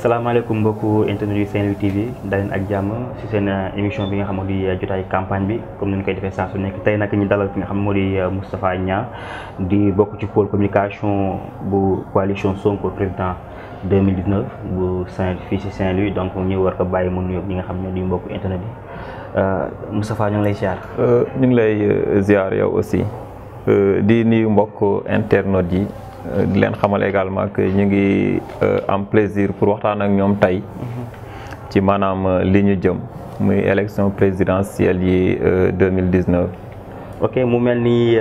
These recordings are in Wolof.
salaamaaleykum mbokku internet yu Saint-Louis TV daleen ak jàmm ci seen euh, émission bi nga xam moo di euh, jotaay campagne bi comme ni ñu koy defee saa su nekk tey nag ñu dalal ki nga xam moo di euh, Moustapha Niang di bokk ci pôle communication bu coalition Sonko président 2019 bu Saint fii ci Saint-Louis donc ñu war ko bàyyi mu nuyoog ñi nga xam ne di mbokku internet bi. Euh, Moustapha ñu ngi lay ziar. Euh, ñu ngi lay euh, ziar yow aussi di nuyu mbokk internautes yi leen xamal également que ñu ngi am plaisir pour waxtaan ak ñoom tey ci maanaam li ñu jëm muy élection présidentielle yi 2019. ok mu mel ni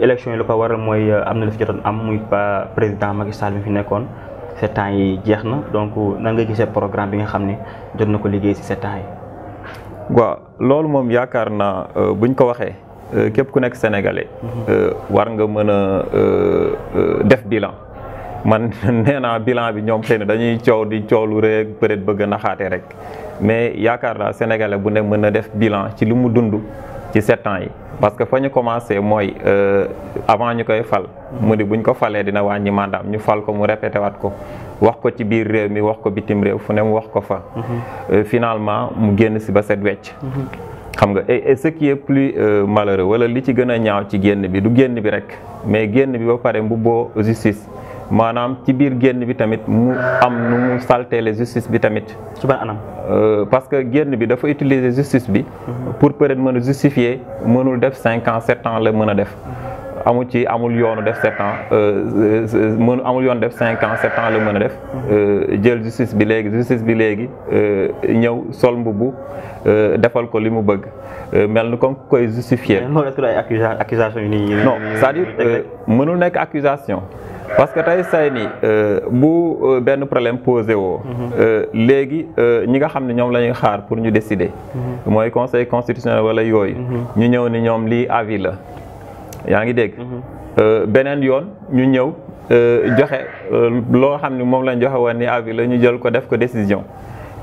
élection yi lu ko waral mooy am na lu fi jotoon am muy pa président Macky Sall mi fi nekkoon sept ans yi jeex na donc nan nga gisee programme bi nga xam ne jot na ko liggéey si sept ans yi. waaw loolu moom yaakaar naa euh, buñ ko waxee euh, képp ku nekk sénégalais. Mhm. Euh, war nga mën a def bilan. man nee naa bilan bi ñoom xëy dañuy coow di coow lu rek peut-être bëgg a naxaate rek mais yaakaar naa sénégalais bu ne mën na def bilan ci lu mu dund. ci sept ans yi parce que fa ñu commencé mooy euh, avant ñu koy fal mu di buñ ko falee dina wàññi mandaam ñu fal ko mu répété waat ko wax ko ci biir réew mi wax ko bitim réew fu ne mu wax ko fa mhm. euh, finalement mu génn si ba set wecc mhm. xam nga et ce qui est plus euh, malheureux wala li ci gën a ñaaw ci génn bi du génn bi rek mais génn bi ba pare mbubboo justice manam ci biir génn bi tamit mu am justice bi euh, parce que génn bi utiliser justice mhm. pour justifier mënul def ans 7 ans la mën def. amul ci amul def ans euh, euh, mën amul def ans ans la a mhm. justice bi léegi justice bi léegi ñëw sol mbubu defal ko bëgg comme justifier. non est-ce que non c'est-à-dire accusation parce que tay say ni euh, bu euh, benn problème posé wo mhm. euh légui euh ñi nga xamni ñom lañuy xaar pour ñu décider. moy mhm. conseil constitutionnel wala yoy mhm. ñu ñew ni ñom li avis la yaangi dégg euh benen yoon ñu ñew euh joxé euh, lo xamni mom lañ joxé woon ni avis la ñu jël ko def ko décision.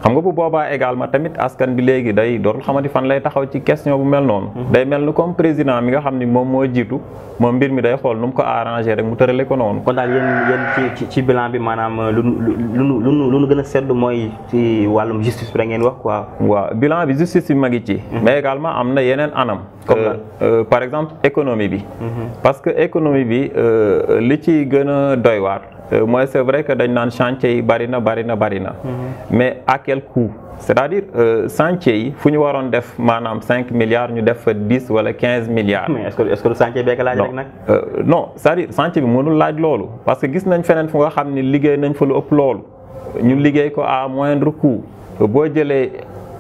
xam nga bu boobaa également tamit askan bi léegi day dootul xamati fan lay taxaw ci question bu mel noonu. Mhm. day mel ni comme président mi nga xam ni moom moo jiitu moom mbir mi day xool nu mu ko arrangé rek mu tërale ko noonu. kon daal yéen yéen ci ci bilan bi maanaam euh, lu lu lu gën a sedd mooy ci wàllum justice bi da ngeen wax ko waaw bilan bi justice bi ma ngi ci. Mhm. mais également am na yeneen anam. Euh, euh, par exemple économie bi. Mhm. parce que économie bi li ci gën a doy waar. Euh, mooy c'est vrai que dañ naan chantier yi bari na bari na bari na. Mhm. mais à quel coût c'est-à-dire euh, chantier yi fu ñu waroon def maanaam cinq milliards ñu def fa dix wala quinze milliards. mais est-ce que est-ce que chantier bee laaj rek nag. Euh, non c'est-à-dire chantier bi mënul laaj loolu parce que gis nañ feneen fu nga xam ne liggéey nañ fa lu ëpp loolu ñu liggéey ko à moindre coût boo jëlee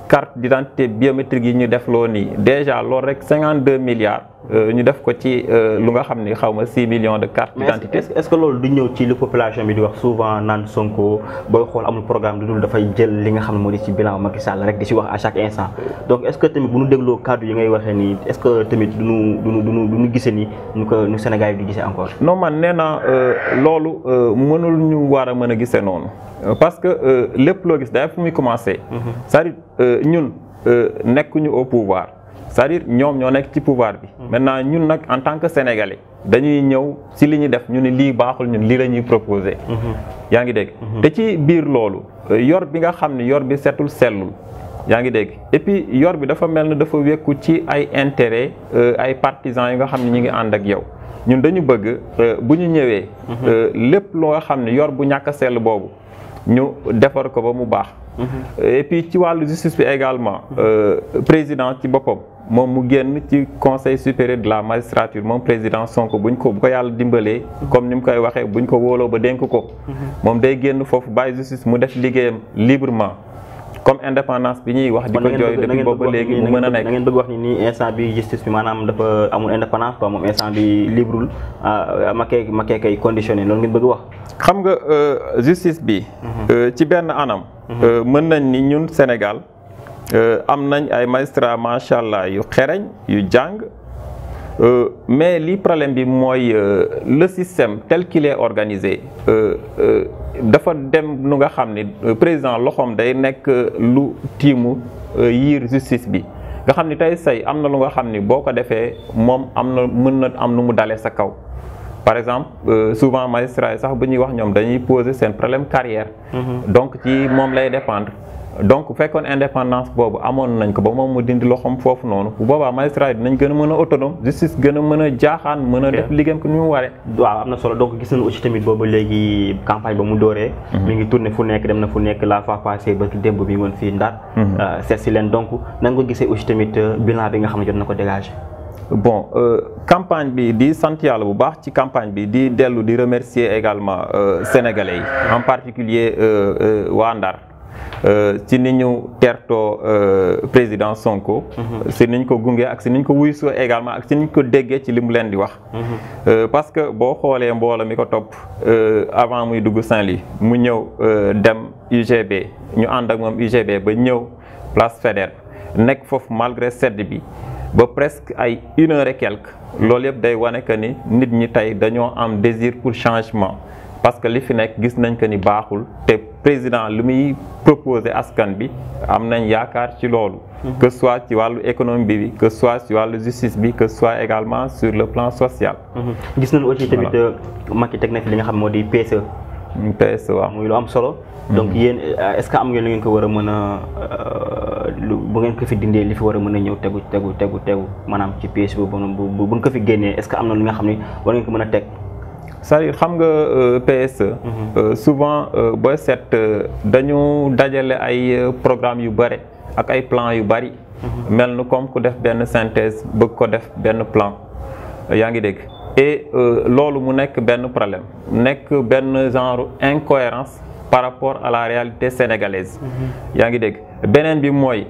carte d'identité biométrique yi ñu def loo nii déjà loolu rek cinquante deux milliards. Euh, ñu def ko ci euh, lu nga xam ni xaw ma 6 millions de cartes d'identité. est ce que loolu du ñëw ci lu population bi di wax souvent naan Sonko booy xool amul programme du dul dafay jël li nga xam ne moo di ci bilan Macky Sall rek di si wax à chaque instant donc est que tamit bu ñu dégloo kàddu yi ngay waxee nii est ce que tamit du ñu du ñu du ñu ñu ko ñu Sénégal yi di encore. non man nee naa euh, loolu mënul ñu war a mën a gise noonu parce que lépp loo gis daal fu muy commencé. Mhm. c'est-à-dire ñun nekkuñu au c'est-à-dire ñoom ñoo nekk ci pouvoir bi. Hmm. maintenant ñun nag en tant que sénégalais dañuy ñew ci li ñu def ñu ni lii baaxul ñun lii la ñuy proposé. Hmm. yaa ngi dégg. Hmm. te ci biir loolu yor bi nga xam ne yor bi setul sellul yaa ngi dégg et puis yor bi dafa mel ne dafa wékku ci ay intérêt euh, ay partisans yi nga xam ne ñu ngi ànd ak yow ñun dañu bëgg euh, bu ñu ñëwee. Euh, lépp loo nga xam ne yor bu ñàkk a sell boobu ñu defar ko ba mu baax. et puis ci wàllu justice bi également président ci boppam. Mon conseil supérieur de la magistrature mon président Sonko buñ ko bu ko comme nim koy waxé buñ ko wolo ba ko day genn justice mu librement comme indépendance bi ñuy wax di ko depuis boobu légui mu mëna nek da wax ni instant bi justice bi manam dafa amul indépendance quoi mom instant bi maquette maké maké kay conditionné loolu ngeen bëgg wax xam euh, justice bi mhm. euh, ci benn anam mhm. euh, mën ni ñun Sénégal euh, am nañ ay magistrat machallah yu xereñ yu jàng euh, mais li problème bi moy euh, le système tel qu'il est organisé dafa dem nu nga xamni président loxom day nek lu timu yir justice bi nga xamni tay say am lu nga xamni boko boo mom amna moom am na mën am nu mu dalee sa kaw par exemple souvent magistrat sax bu wax ñom dañuy poser sen problème carrière mm-hmm. donc ci mom lay dépendre donc bu fekkoon indépendance boobu amoon nañ ko ba moom mu dindi loxoom foofu noonu bu boobaa magistrat yi dinañ gën a mën a autonome justice gën a mën a jaaxaan mën a def liggéeyam ko ni mu waree waaw am na solo donc gis nañu aussi tamit boobu léegi campagne ba mu dooree mhm. mi ngi tourné fu nekk dem na fu nekk la fois passée ba démb bi woon fii Ndar mhm. euh, seet si leen donc nan nga gisee aussi tamit euh, bilan bi nga xam ne ko dégagé bon euh, campagne bi di sant yàlla bu baax ci campagne bi di dellu di remercier également sénégalais yi en particulier waa Ndar Euh, ci ni ñu tertoo euh, président Sonko. Mm-hmm. si niñ ko gunge ak si niñ ko wuyusoo également ak si niñ ko déggee ci li mu leen di wax. Mm-hmm. Euh, parce que boo xoolee mboola mi ko topp avant muy dugg Saint-Louis mu ñëw dem UGB ñu ànd ak moom UGB ba ñëw place Faidherbe nekk foofu malgré sedd bi ba presque ay une heure et quelque loolu yëpp day wane que ni nit ñi tey dañoo am désir pour changement. parce que li fi président ce propose askan bi am que soit sur l'économie, que ce que soit sur le justice que ce soit également sur le plan social mhm. gis aussi PSE euh, PSE mm, e, mhm. donc euh, est-ce que am a e est-ce que am sari xam nga euh, PSE mhm. euh, souvent euh, booy seet dañu dajale ay programme yu bari ak ay plans yu bari mhm. mel comme ku def ben synthèse bëgg ko def ben plan yaangi ngi dégg et lolu mu nekk ben problème nekk ben genre incohérence par rapport à la réalité sénégalaise mhm. yaangi ngi dégg beneen bi mooy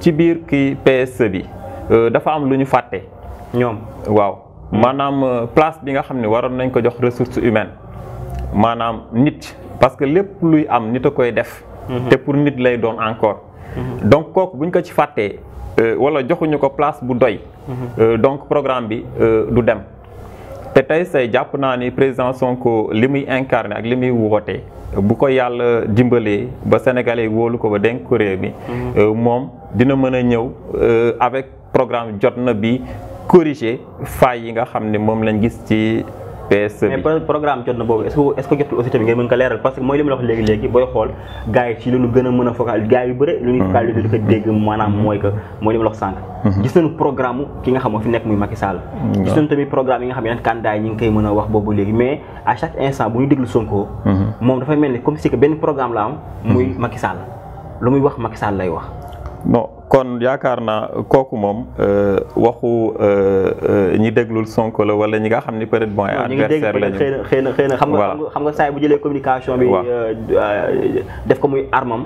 ci bir ki PSE bi dafa am luñu faté ñom waaw manam euh, place bi nga xam waron nañ ko jox ressources humaines manam nit parce que lepp luy am nit koy def. Mhm. te pour nit lay doon encore. Mhm. donc kok buñ ko ci faté euh, wala joxuñu ko place bu doy. Mhm. Euh, donc programme bi du dem. té tay say japp na ni président Sonko limuy incarner ak limuy woté bu ko yalla dimbalee ba sénégalais wolu ko ba dénk ko réew mi. mom dina mëna ñëw avec programme jotna bi corriger failles yi nga xam ne moom lañ gis ci PS e bi mais jot na boobu est-ce que est-ce que aussi tamit ngeen mën ko leeral parce que mooy li ma la wax léegi léegi booy xool gars yi ci lu ñu gën a mën a focal gars yu bëre lu ñuy hmm. focal di ko dégg maanaam mooy que mooy li ma la wax hmm. gis nañu programme ki nga xam moo fi nekk muy Macky Sall hmm, gis nañu tamit programme yi nga xam yeneen candidat yi ñu ngi koy mën a wax boobu léegi mais à chaque instant bu ñu déglu moom dafay mel ni comme si benn programme la am muy Macky Sall lu muy wax Macky Sall lay wax bon kon yaakaar na euh, kooku moom euh, waxu euh, ñi déglul Sonko la wala ñi nga xam ni peut-être i ay adversaire lañu xëy na xëy na xam nga xam nga saa bu jëlee communication bi def ko muy armam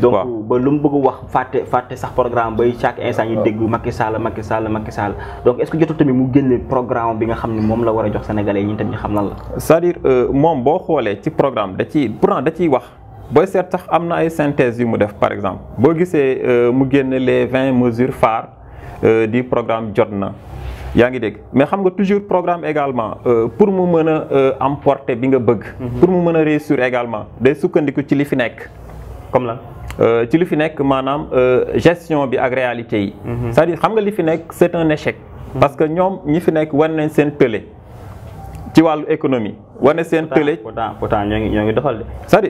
donc ba lu mu bëgg wax fàtte fàtte sax programme bay chaque instant ñu dégg Macky Sall Macky Sall Macky Sall donc est-ce que jotul tamit mu génne programme bi nga xam ne moom la war a jox sénégalais yi ñun tamit ñu xam lan la c'est-à-dire moom boo xoolee ci programme da ciy pourtant da ciy wax booy seet sax amna ay synthèse yu mu def par exemple boo gisee euh, mu génn les vingt mesures phares euh, du programme Jotna na yaa ngi dégg mais xam nga toujours programme également euh, pour mu mën euh, emporter bi nga bëgg. Mhm. pour mu mën réussir également day soukandiku ci li fi nek comme euh, ci li fi manam euh, gestion bi ak réalité yi. Mhm. c'est-à-dire xam nga li fi nek c'est un échec. Mhm. parce que ñom ñi fi nek war nañ seen ci wàllu économie wane seen tële pourtant pourtant ñoo ngi ñoo ngi doxal de cest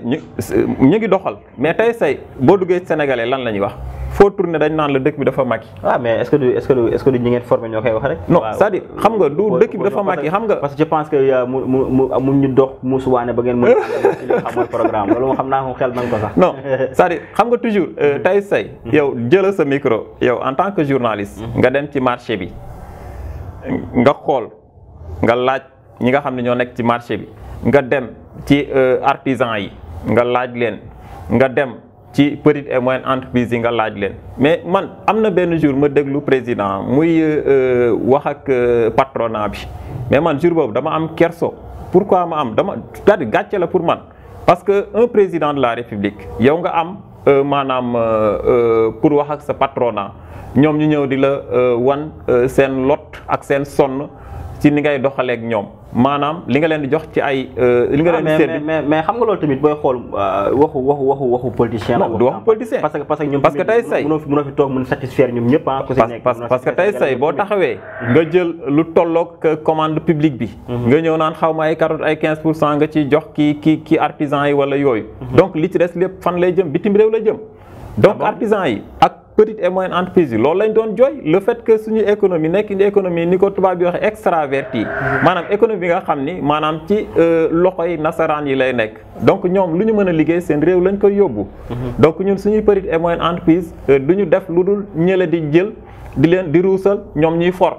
ñu ngi doxal mais tey say boo duggee sénégalais lan la ñuy wax foo tourné dañ naan la dëkk bi dafa mag waaw ah, mais est-ce que du est-ce que ñoo koy wax rek non c'est-à-dire xam nga du dëkk bi dafa màgg xam nga parce que je pense que euh, mu mu mu ñu dox musu waane ba ngeen mën xamul programme loolu moo xam naa mu xel nañ ko sax non c'est-à-dire xam nga toujours euh, mm-hmm. tey say mm-hmm. yow jëla sa micro yow en tant que journaliste mm-hmm. nga dem ci marché bi nga xool nga laaj ñi nga xam ne ñoo nekk ci marché bi nga dem ci euh, artisan yi nga laaj leen nga dem ci petite et moyenne entreprise yi nga laaj leen mais man am na benn jour ma déglu président muy euh, wax ak euh, patronat bi mais man jour boobu dama am kerso pourquoi ma am dama cest à gàcce la pour man parce que un président de la république yow nga am maanaam pour wax ak sa patronat ñoom ñu ñëw di la wan seen lot ak seen sonn ci ni ngay doxaleeg ñoom maanaam li nga leen di jox ci ay. Euh, li nga leen di ah, seet mais xam nga loolu tamit booy xool euh, waxu waxu politicien la. du waxu politicien parce tey say boo taxawee. nga jël lu tolloog euh, commande publique bi. Mhm. nga ñëw naan xaw ma ay carotte ay 15 pour cent nga ci jox ki ki ki artisan yi wala yooyu. Mhm. donc li ci des lépp fan lay jëm bitim réew la jëm. donc ah artisan yi ak. petite et moyenne entreprise yi loolu lañ doon jooy le fait que suñu économie nekk une économie ni ko tubaab yi waxee extraverti maanaam économie nga xam ni maanaam ci euh, loxo yi nasaraan yi lay nekk donc ñoom lu ñu mën a liggéey seen réew lañ koy yóbbu mhm. donc ñun suñuy petite et moyenne entreprise euh, du ñu def lu dul ñële di jël di leen di ruusal ñoom ñuy for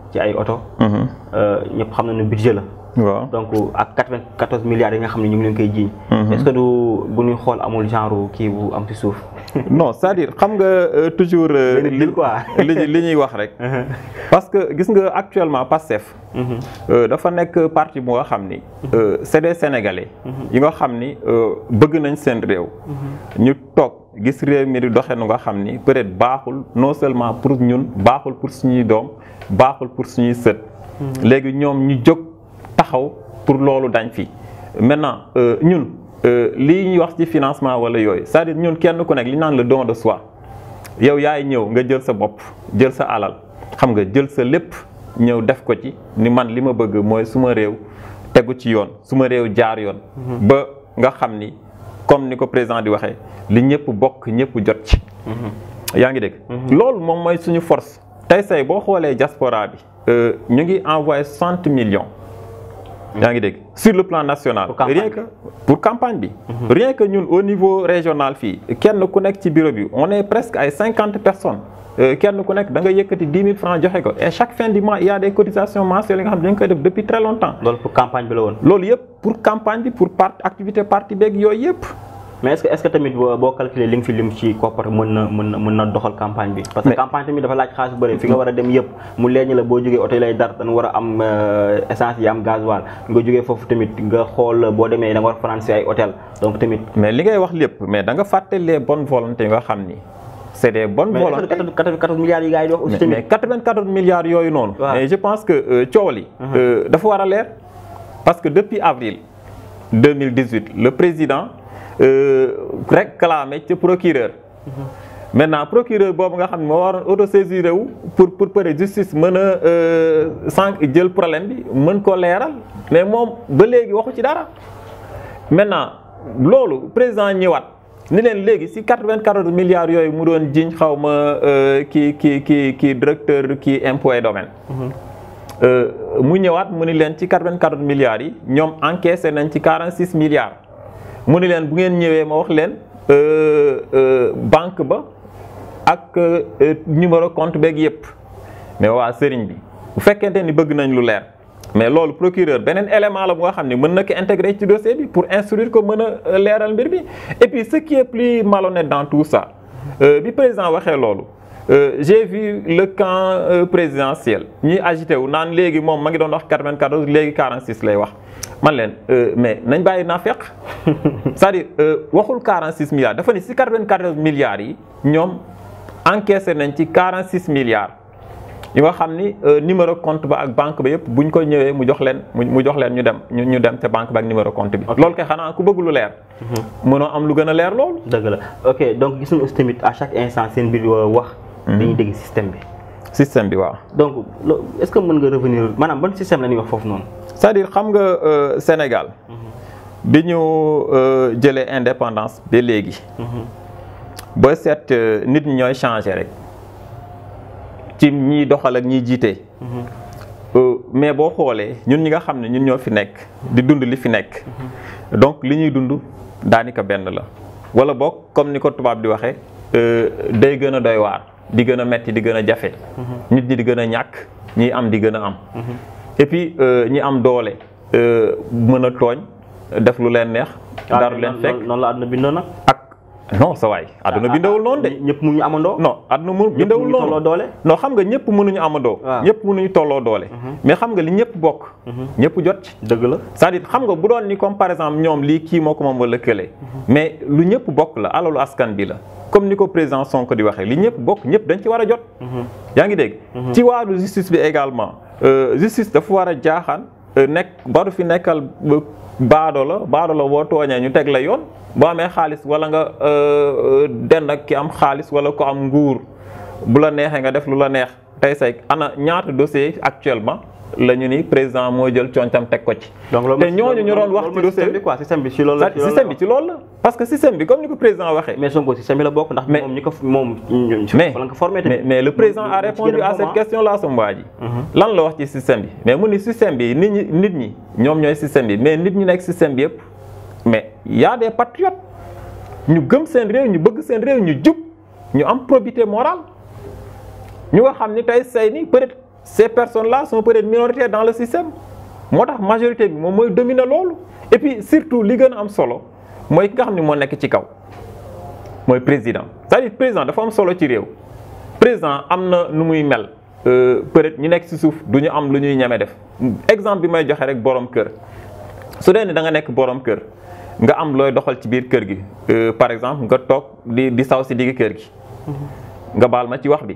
ci ay oto. Mhm. Euh, ñëpp xam na ne budget la. waaw donc ak quatre-vingt-quatorze milliards yi nga xam ne ñu ngi leen koy jiiñ. Mhm. est du bu ñuy xool amul genre kii bu am ci suuf. no c'est-à-dire xam nga euh, toujours. Euh, li li ñuy wax rek. Uh-huh. parce que gis nga actuellement Pastef. Uh-huh. dafa nekk partie bu nga xam ni. Uh-huh. c'est des sénégalais. yi nga xam ni bëgg nañ seen réew. ñu toog. gis réew mi di doxe nu nga xam ni peut-être baaxul non seulement pour ñun baaxul pour suñuy doom baaxul pour suñuy sët hmm. léegi ñoom ñu jóg taxaw pour loolu dañ fi maintenant euh, ñun euh, lii ñuy wax ci financement wala yooyu sa à ñun kenn ku nekk li naan la don de soi yow yaay ñëw nga jël sa bopp jël sa alal xam nga jël sa lépp ñëw def ko ci ni man li ma bëgg mooy suma réew tegu ci yoon suma réew jaar yoon hmm. ba nga xam ni comme ni ko président di waxee li ñëpp bokk ñëpp jot ci. Mhm. yaa ngi dégg. Mhm. loolu moom mooy suñu force tey say boo xoolee diaspora bi euh, ñu ngi envoyé cent millions. sur le plan national. rien que pour campagne bi. Mhm. rien que nous au niveau régional fi kenn ku nek bureau on est presque à 50 personnes euh, kenn ku nek da nga yëkkati 10000 francs joxé ko et chaque fin du mois il y a des cotisations mensuelles nga xam dañ def depuis très longtemps. pour campagne bi la pour campagne bi pour part activité parti beeg mais est-ce que est-ce que tamit boo calculer li nga fi lim ci koppar mën na mën na doxal campagne bi. parce que campagne tamit dafa laaj xaalis bu bëri fi nga war a dem yëpp mu leeñ la boo jógee oto yi dar dañu war a am euh, essence yi am gasoil nga jógee foofu tamit nga xool boo demee da nga war a fanaan si ay hôtel donc tamit. mais li ngay wax lépp mais da nga fàtte les bonnes volontés nga xam ni. c'est des bonnes volontés mais 94 milliards yi gars yi di wax aussi tamit mais 94 yooyu noonu. mais je pense que euh, coow li. Uh-huh. Euh, dafa war a leer parce que depuis avril 2018 le président. Euh, rek clamé ci procureur. maintenant procureur boobu nga xam ne moo waroon autosaisir wu pour pour pare justice mën a euh, sànq jël problème bi mën ko leeral mais moom ba léegi waxu ci dara maintenant loolu président ñëwaat ni leen léegi si 94 milliards yooyu mu doon jiñ xaw ma euh, kii kii kii kii directeur kii impôt et domaine. mu ñëwaat mu ni leen ci 94 milliards yi ñoom encaissé nañ ci 46 milliards. mu ni leen bu ngeen ñëwee ma wax leen euh, euh, banque ba ak euh, numéro compte beeg yëpp mais waa sëriñ bi bu fekkente ni bëgg nañ lu leer mais loolu procureur beneen élément la bu nga xam ne mën na ko intégrer ci dossier bi pour instruire ko mën a leeral mbir bi et puis ce qui est plus malhonnête dans tout ça bi président waxee loolu Euh, j'ai vu le camp euh, présidentiel ñi agité wu naan léegi moom ma ngi doon wax 94 légui 46 lay wax man len euh, mais nañ baye naa feq c'est-à-dire euh, waxul 46 milliards dafa ni si 94 milliards yi ñom encaisser nañ ci 46 milliards yi nga xamni euh, numéro compte ba ak banque ba yépp buñ ko ñëwé mu jox len mu jox len ñu dem ñu dem te banque ba ak numéro compte bi. lool kay xana ku bëgg lu leer. Mhm. mëno am lu gëna leer lool dëgg la ok donc gis nañu aussi à chaque instant seen mbir euh, wax. Mhm. dañuy dégg système bi. système bi waaw. donc est-ce que mën nga revenir maanaam ban système la ñuy wax foofu noonu. sa à xam nga euh, Sénégal. Mhm. bi ñu euh, jëlee indépendance ba léegi. Mhm. ba seet euh, nit ñi ñooy changer rek ci ñiy doxal ak ñiy jiite. mais boo xoolee ñun ñi nga xam ne ñun ñoo fi nekk di dund li fi nekk. donc li ñuy dund daanaka benn la wala boog comme ni ko tubaab di waxee day gën a doy waar. di gën a metti di gën a jafe mm-hmm. nit ñi di gën a ñàkk ñi am di gën a am mm-hmm. et puis euh, ñi am doole euh, mën a tooñ def lu leen neex ah, dara leen fekk noonu la àdduna bindoo nag non sa waay adduna ah, bindawul noonu de. Ah, ñëpp mënuñu amandoo. non adduna mu bindawul noonu ñëpp xam nga ñëpp mënuñu amandoo. waaw ah. mënuñu tolloo doole. Mhm. mais xam nga li ñëpp bokk. Mhm. ñëpp jot ci. dëgg la cest à xam nga bu doon ni comme par exemple ñoom lii kii moo ko moom wala kële. Mhm. mais lu ñëpp bokk la alalu askan bi la. comme ni ko président Sonko di waxee li ñëpp bokk ñëpp dañ ci war a jot. yaa ngi dégg. ci wàllu justice bi également euh, justice dafa war a jaaxaan. Euh, nekk baru fi nekkal baado la baado la boo tooñee ñu teg la yoon boo amee xaalis wala nga euh, euh, dend ak ki am xaalis wala ko am nguur bu la neexee nga def lu la neex tey say ana ñaata dossier actuellement la ñu ni président moo jël tiontam tek ko ci. donc loolu te ñooñu ñu doon wax ci système bi quoi système bi ci lool la système bi ci loolu la. parce que système bi comme ni ko président waxé mais Sonko système bi la bok ndax. moom ñi ko moom mais mais le président a répondu à cette question là Soumba ji. Mhm. lan la wax ci système bi mais mu ni système bi nit ñi nit ñi ñom ñoy système bi mais nit ñi nek système bi yépp mais y a des patriotes ñu gëm seen réew ñu bëgg seen réew ñu jup ñu am probité morale ñu nga xamni tay say ni peut-être ces personnes-là sont peut-être minoritaires dans le système moo tax majorité bi moom mooy dominer loolu et puis surtout li gën a am solo mooy ki nga xam ne moo ci kaw mooy président c'est-à-dire président dafa am solo ci réew président am na nu muy mel euh, peut-être ñu nekk ci suuf du ñu am lu ñuy ñeme def exemple bi may joxe rek borom kër su dee ne da nga nekk borom kër nga am looy doxal ci biir kër gi euh, par exemple nga toog di di saw si digg kër gi mm-hmm. nga baal ci wax bi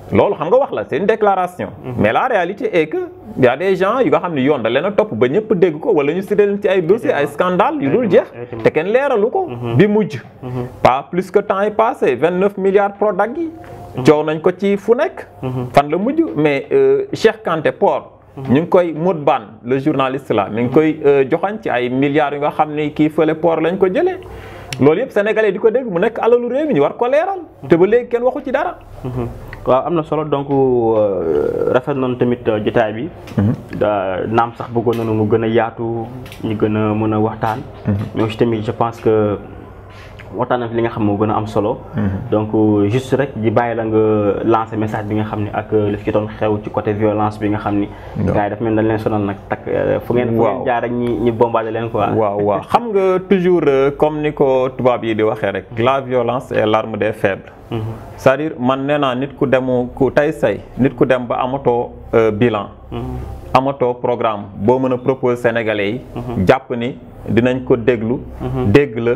loolu xam nga wax la c'est une déclaration. Mhm. mais la réalité est que il y a des gens yu nga xam ne yoon da leen a ba ñëpp dégg ko wala ñu cité ci ay dossiers ay scandales yu dul jeex. te ken leeralu ko. Mhm. bi mujj. Mhm. pas plus que temps est passé 29 milliards Prodac yi. coow nañ ko ci fu nek fan la mujj mais euh, Cheikh Kanté Port. ñu ngi koy Modou Bane le journaliste là mi ngi koy euh, joxañ ci ay milliards yu nga xam ni kii port lañ ko jëlee. loolu yëpp sénégalais diko ko dégg mu nek alalu réew mi ñu war ko leeral. te ba léegi ken waxu ci dara. waaw am na solo donc euh, rafet noonu tamit euh, jotaay bi. Mhm. naam sax buggoon nañu mu gën a yaatu ñu gën a mën a waxtaan. Mhm. mais aussi tamit je pense que. waxtaan fi li nga xam moo gën a am solo. Mhm. donc juste rek di bàyyi la nga lancer message bi nga xam ne ak li fi doon xew ci côté violence bi nga xam ni. gars yi daf mel dañ leen sonal nag takk. Euh, fu ngeen fu ngeen jaar rek ñi ñi bombardé leen quoi. waaw waaw xam nga toujours euh, comme ni ko tubaab yi di waxee rek la violence est l'arme des faibles. Mhm. c'est-à-dire man nee naa nit ku demu ku tay say nit ku dem ba amatoo euh, bilan. Mhm. amatoo programme boo mën a proposer sénégalais yi. jàpp ni dinañ ko déglu. dégg la.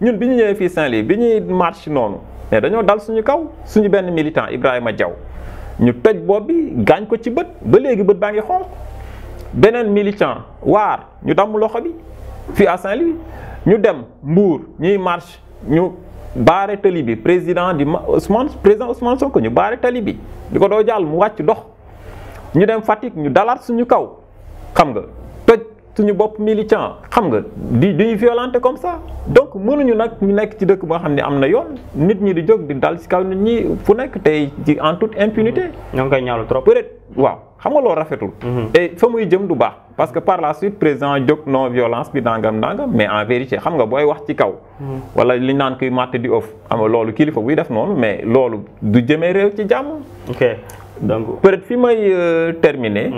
ñun bi ñu ñëwee fii Saint-Louis bi ñuy marche noonu mais dañoo dal suñu kaw suñu benn militant Ibrahima jaw ñu toj bopp bi gaañ ko ci bët ba léegi bët baa ngi xonq beneen militant waar ñu damm loxo bi fii à Saint-Louis ñu dem Mbour ñuy marche ñu baare tali bi président di Ousmane président Ousmane ko ñu baare tali bi di ko doo jàll mu wàcc dox ñu dem Fatick ñu dalaat suñu kaw xam nga suñu bop militant xam nga di di violenter comme ça donc mënuñu nak ñu nekk ci dëkk bo xamni amna yoon nit ñi di jog di dal ci kaw nit ñi fu nekk tay ci en toute impunité. Mm-hmm. ñoo ngi koy ñaawlu trop peut waaw xam nga lo rafetul. Mm-hmm. te fa muy jëm du baax parce que par la suite président jog non violence bi dangam dangam mais en vérité xam nga boy wax ci kaw. Mm-hmm. wala li nane kuy màtt di off am lolu kilifa buy def non mais lolu du jëme rew ci jamm ok donc peut fi may euh, terminer.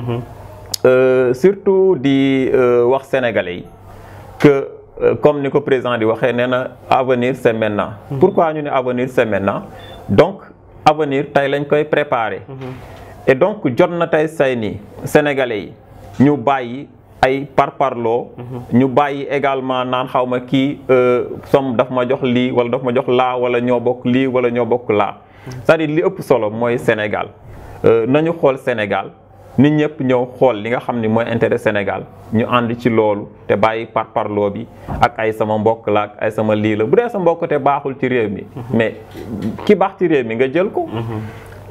Euh, surtout di euh, wax sénégalais que euh, comme nous président di waxé avenir c'est maintenant. Mhm. pourquoi ñu avenir c'est maintenant donc avenir venir lañ koy préparer. Mhm. et donc jot na sénégalais ñu par ay mhm. ñu également nan xawma qui daf ma jox li wala daf ma jox la wala ño bok li wala c'est-à-dire li Sénégal nañu Sénégal. nit ñëpp ñëw xool li nga xam ni mooy intérêt Sénégal ñu ànd ci loolu te bàyyi par parloo bi ak ay sama mbokk la ak ay sama lii la bu dee sa mbokk te baaxul ci réew mi. Mhm. mais ki ci réew mi nga jël ko. Mhm.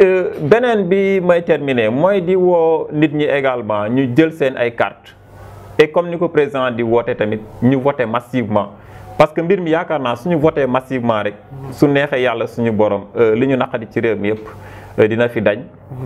Euh, beneen bi may terminer mooy di woo nit ñi également ñu jël seen ay carte et comme ni ko président di woote tamit ñu voté massivement. parce que mbir mi yaakaar naa suñu voté massivement rek. Mhm. su neexee yàlla suñu borom euh, li ñu naqadi ci réew mi yëpp euh, dina fi dañ.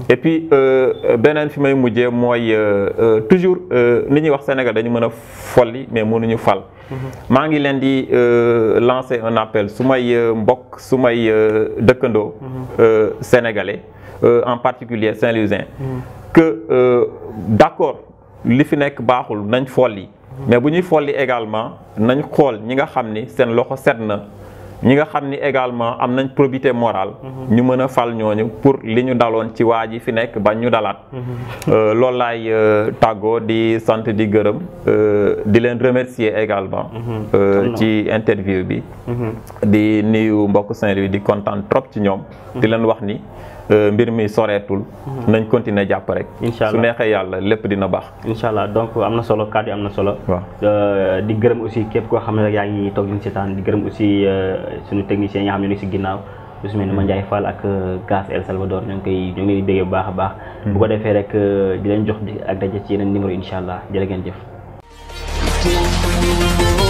et puis euh, euh benen fi may mujjé mujjee euh, euh, toujours euh, ñuy wax Sénégal dañu mën folli mais ñu fal. Mhm. ma ngi leen di euh, lancer un appel sumay mbok sumay su may euh, dëkkandoo. Mhm. sénégalais en particulier Saint-Louisien. Mhm. que euh, d'accord li fi nek baaxul nañ folli mais bu ñuy folli également nañ xol ñi nga xam sen loxo setna ñi nga xam ni également am nañ probité morale. Mhm. ñu mën a fal ñooñu pour li ñu daloon ci waa yi fi nekk ba ñu dalaat. Mhm. Euh, loolu laay euh, tàggoo di sant di gërëm euh, di leen remercier également. Mhm. ci interview bi. di nuyu mbokk Saint-Louis di kontaan trop ci ñoom. di leen wax ni. Euh, mbir mi soreetul. Mhm. nañ continuer jàpp rek. incha allah su neexee yàlla lépp dina baax. incha allah donc am na solo kàddu am na solo. waaw euh, di gërëm aussi képp koo xam ne rek yaa ngi toog di seetaan di gërëm aussi euh, suñu techniciens yi xam ne ñu si ginnaaw. su mel ma Mandiaye faal ak Gaz El Salvador ñoo ngi koy ñu ngi leen di bu baax a baax. Mhm. bu ko defee rek di leen jox ak daje ci yeneen numéro incha allah jërë ngeen jëf.